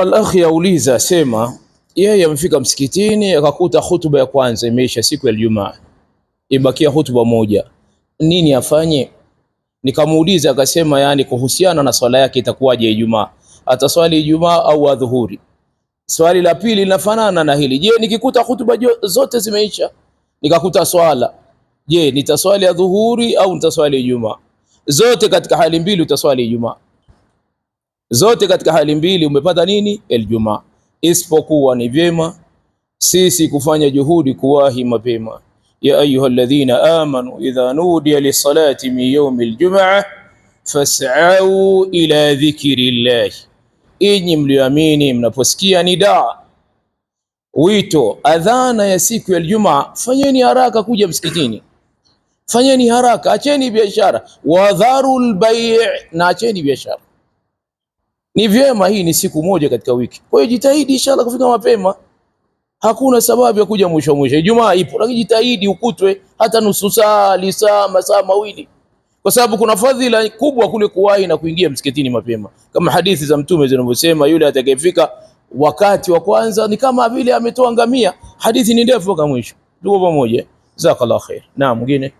Al-akhi auliza asema, yeye amefika msikitini akakuta hutuba ya kwanza imeisha siku ya Ijumaa, ibakia hutuba moja, nini afanye? Nikamuuliza akasema, yani kuhusiana na swala yake itakuwaje Ijumaa, ataswali Ijumaa au adhuhuri? Swali la pili linafanana na hili, je, nikikuta hutuba zote zimeisha nikakuta swala, je, nitaswali adhuhuri au nitaswali Ijumaa? Zote katika hali mbili utaswali Ijumaa. Zote katika hali mbili umepata nini? Ijumaa. Isipokuwa ni vyema sisi kufanya juhudi kuwahi mapema. ya ayuha alladhina amanu idha nudiya lisalati min yaumi aljumaa fas'au ila dhikri llahi, inyi mlioamini mnaposikia nida wito adhana ya siku ya Ijumaa, fanyeni haraka kuja msikitini, fanyeni haraka, acheni biashara, wadharu lbai, na acheni biashara ni vyema, hii ni siku moja katika wiki, kwa hiyo jitahidi inshallah kufika mapema. Hakuna sababu ya kuja mwisho mwisho. Ijumaa ipo, lakini jitahidi ukutwe hata nusu saa, lisaa, masaa mawili, kwa sababu kuna fadhila kubwa kule kuwahi na kuingia msikitini mapema, kama hadithi za Mtume zinavyosema, yule atakayefika wakati wa kwanza ni kama vile ametoa ngamia. Hadithi ni ndefu mpaka mwisho. Tuko pamoja, jazakallahu khair. Naam, mwingine